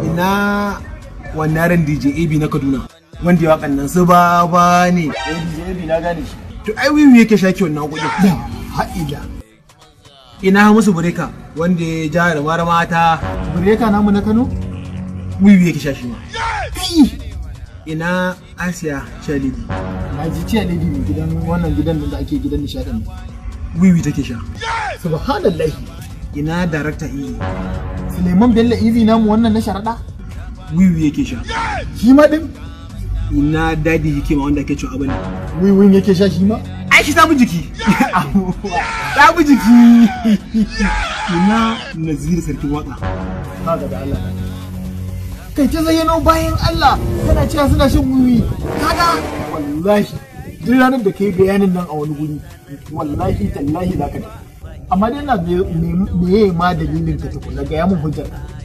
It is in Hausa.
ina wannan ran DJ AB na Kaduna wanda ya wakan nan su ba ba ne eh DJ AB na gane shi to ai wiwi yake shaki wannan kuɗi ha'ila ina musu bureka wanda ya ja da mara mata bureka namu na Kano wiwi yake shashi ma ina Asiya Chalidi na ji Chalidi gidan wannan gidan da ake gidan nishadin wiwi take sha subhanallahi ina Director iya Suleiman Bello Easy namu wannan na sharaɗa? Wiwi yake sha. Shi ma ɗin? na dadi yake ma wanda ke cin abin. Wiwin yake sha shi ma? Ai shi samu jiki. Samu jiki. Ina Nazir sarkin waka. Ba ga Allah. Kai ta zayyano bayan Allah tana cewa suna shan wiwi. Kaga wallahi duk ranar da kai bayanin nan a wani guri wallahi tallahi za ka amma dai na me ma dalilin ka tukuna ga ya mun hujjar